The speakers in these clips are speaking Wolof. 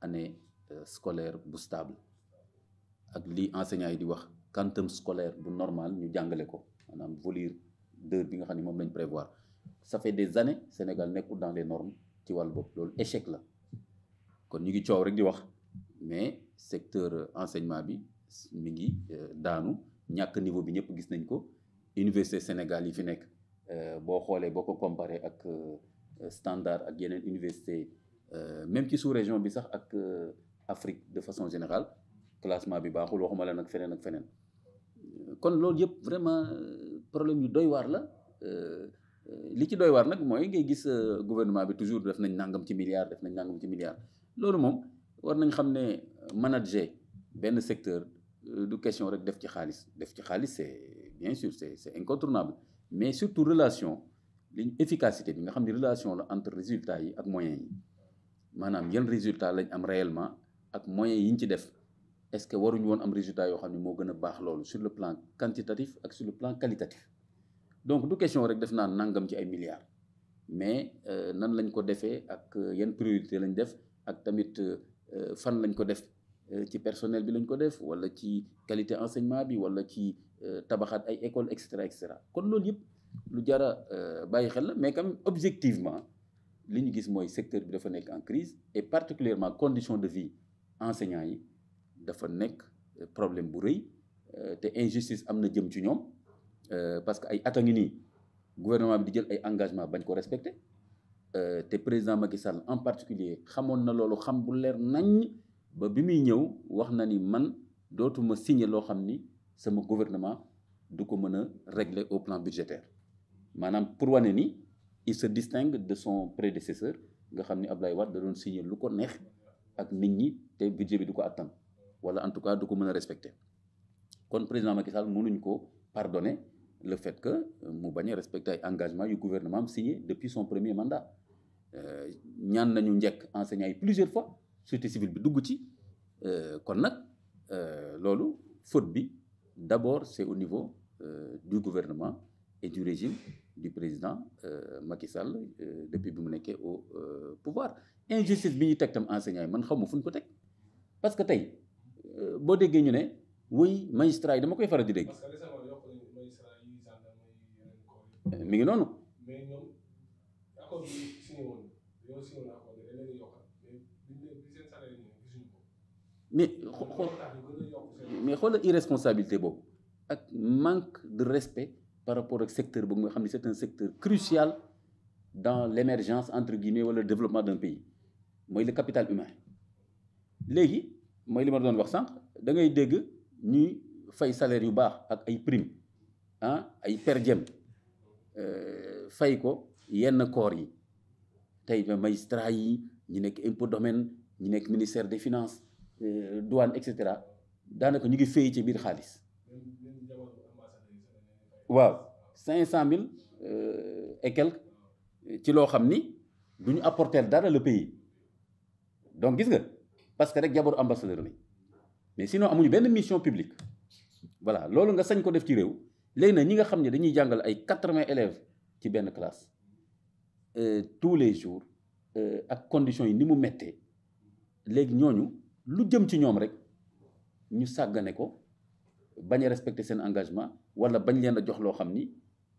année euh, scolaire bu stable ak lii enseignants yi di wax quantum scolaire bu normal ñu jàngale ko maanaam volume d'heure bi nga xam ne moom lañ prévoir ça fait des années Sénégal nekkul dans les normes ci wàllu bopp loolu échec la kon ñu ngi coow rek di wax mais secteur euh, enseignement bi mi ngi euh, daanu ñàkk niveau bi ñëpp gis nañ ko université Sénégal yi fi nekk boo xoolee boo ko comparé ak standard ak yeneen université Euh, même ci sous région bi sax ak euh, Afrique de façon général classement bi baaxul waxuma la nag feneen ak feneen euh, kon loolu yëpp vraiment problème yu doy waar la li ci doy waar nag mooy ngay gis gouvernement bi toujours def nañ nangam ci milliards def nañ nangam ci milliards loolu moom war nañ xam ne manager benn secteur du question rek def ci xaalis def ci xaalis c'est bien sûr c'est c'est mais surtout relation liñ efficacité bi nga xam ne relation la entre résultats yi ak moyens yi maanaam yenn résultat lañ am réellement ak moyen yi ñu ci def est-ce que waruñu woon am résultat yoo xam ne moo gën a baax loolu sur le plan quantitatif ak sur le plan qualitatif donc du question rek def naa nangam ci ay milliards mais euh, nan lañ ko defee ak euh, yan priorité lañ def ak tamit euh, fan lañ ko def ci personnel bi lañ ko def wala ci qualité enseignement bi wala ci tabaxaat ay école et cetera cetera kon loolu yëpp lu jara bàyyi xel la mais quand objectivement li ñu gis mooy secteur bi dafa nekk en crise et particulièrement condition de vie enseignants yi dafa nekk euh, problème bu rëy euh, te injustice am na jëm ci ñoom euh, parce que ay at a nii gouvernement bi di jël ay engagement bañ ko respecté te président Macky Sall en particulier xamoon na loolu xam bu leer nañ ba bi muy ñëw wax na ni man dootuma signe loo xam ni sama gouvernement du ko mën a régler au plan budgétaire maanaam pour wane ni il se distingue de son prédécesseur nga xam ni ab lay Wade da doon signé lu ko neex ak nit ñi te budget bi du ko attan wala en tout cas du ko mën a respecter kon président Macky Sall mënuñ ko pardonner le fait que euh, mu bañ a respecter engagement yu gouvernement am signé depuis son premier mandat euh, ñaan nañu njëkk enseignants yi plusieurs fois société civile bi dugg ci euh, kon nag loolu faute bi d'abord c'est au niveau du gouvernement et du régime du président euh, Macky Sall euh, depuis bi mu nekkee au euh, pouvoir injustice bi ñuy teg tam enseignant yi man xaw ma fu ñu ko teg parce que tey boo déggee ñu ne wuy magistrat yi dama koy faral di dégg. mi ngi noonu. mais xool irresponsabilité boobu ak manque de respect. par rapport ak secteur boobu nga xam ne c'est un secteur crucial dans l'émergence entre guillemets wala le développement d'un pays mooy le capital humain léegi mooy li ma doon wax sànq da ngay dégg ñuy fay salaire yu baax ak ay prime ah ay per diem euh, fay ko yenn corps yi tey magistrat yi ñu nekk impôt domaine ñu nekk ministère des finances euh, douane et cetera daanaka ñu ngi fay ci biir xaalis waaw cinq cent mille euh, et quelque ci loo xam ni du ñu apporter dara le pays donc gis nga parce que rek jabaru ambassadeur lañ mais sinon amuñu benn mission publique voilà loolu nga sañ ko def ci réew léegi nag ñi nga xam ne dañuy jàngale ay quatre-vingts élèves ci benn classe euh, tous les jours euh, ak conditions yi ni mu méttee léegi ñooñu lu jëm ci ñoom rek ñu sàggane ko bañ a respecter seen engagement wala bañ leen a jox loo xam ni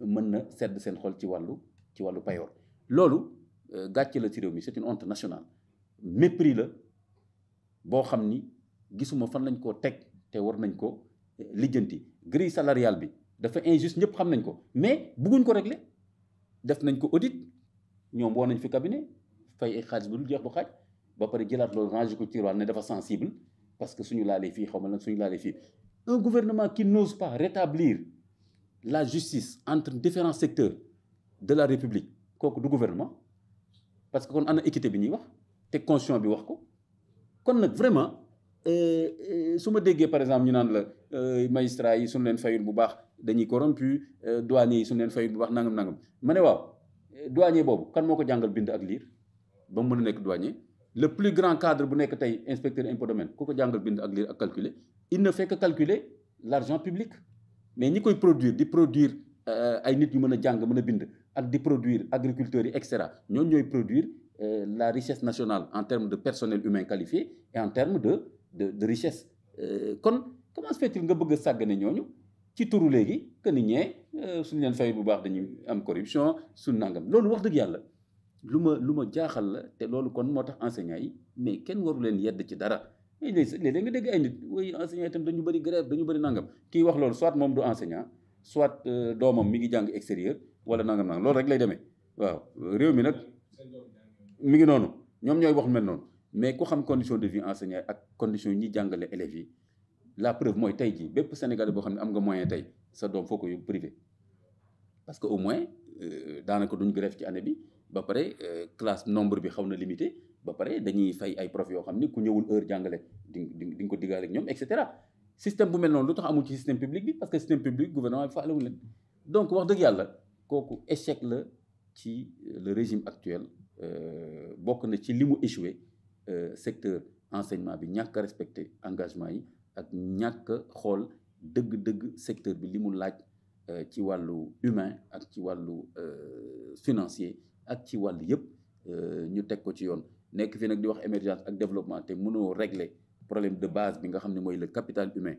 mën na sedd seen xol ci wàllu ci wàllu payoor loolu euh, gàcce la ci réew mi c'est une honte nationale la boo xam ni gisuma fan lañ ko teg te war nañ ko lijjanti grille salariale bi dafa injuste ñëpp xam nañ ko mais bëgguñ ko régler def nañ ko audit ñoom woo nañ fi cabinet fay ay xaalis bu dul jeex bu xaaj ba pare jëlaat loolu ranger ko ci ne dafa sensible parce que suñu laalee fii xaw ma lan suñu laalee un gouvernement qui n'ose pas rétablir la justice entre différents secteurs de la république kooku du gouvernement parce que kon na équité bi ñuy wax te constitution bi wax ko kon nag vraiment euh, euh, su ma déggee par exemple ñu naan la euh, magistrats yi suñu leen fayul bu baax dañuy corrompu douaniers yi suñu leen fayul bu baax nangam nangam ma ne waaw douanier boobu kan moo ko jàngal bind ak liir ba mu mën a nekk douanier le plus grand cadre bu nekk tey inspecteur impôt domaine ku ko jàngal bind ak lire ak calculer il ne fait que calculer l'argent public mais ñi koy produire di produire euh, ay nit yu mën a jàng mën a bind ak di produire agriculteurs yi et cetera ñoom ñooy produire euh, la richesse nationale en termes de personnel humain qualifié et en termes de de de richesse euh, kon comment se fait nga bëgg a sàggane ñooñu ci turu léegi que nit ñee suñu leen fay bu baax dañuy am corruption su nangam loolu wax dëgg yàlla lu ma lu ma jaaxal la te loolu kon moo tax enseignants yi mais kenn waru leen yedd ci dara mais eh, léeg nga dégg ay nit oui enseignants yi tam dañu bëri grève dañu bëri nangam kii wax loolu soit moom du enseignant soit euh, doomam mi ngi jàng extérieur wala nangam nangam loolu rek lay demee waaw réew mi nag mi ngi noonu ñoom ñooy wax mel noonu mais ku xam condition de vie enseignant ak condition yi ñuy jàngale éléve yi la preuve mooy tey jii bépp Sénégalais boo xam ne am nga moyen tey sa doom foo ko parce que au moins euh, daanaka duñ grève ci année bi ba pare euh, classe nombre bi xaw na limité ba pare dañuy fay ay prof yoo xam ni ku ñëwul heure jàngale di nga ko diggaale ak ñoom et cetera système bu mel noonu lu tax amul ci système public bi parce que système public gouvernement bi faalewul leen donc wax dëgg yàlla kooku échec la ci euh, le régime actuel euh, bokk na ci limu mu échoué secteur enseignement bi ñàkk respecte engagement yi ak ñàkk xool dëgg-dëgg secteur bi li mu laaj ci wàllu humain ak ci wàllu financier ak ci wàll yëpp euh, ñu teg ko ci yoon nekk fi nag di wax émergence ak développement te mënoo régler problème de base bi nga xam ne mooy le capital humain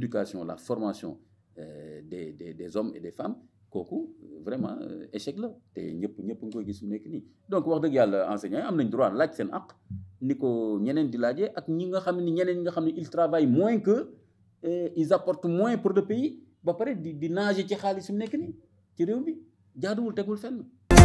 ducation la formation euh, des des des hommes et des femmes kooku vraiment euh, échec la te ñëpp ñëpp nga koy gis su nekk nii donc wax dëgg yàlla enseignants yi am nañ droit laaj seen àq ni ko ñeneen di laajee ak ñi nga xam ni ñeneen ñi nga xam ne ils travaillent moins que ils apportent moins pour le pays ba pare di di nager ci xaalis su nekk nii ci réew mi jaaduwul tegul fenn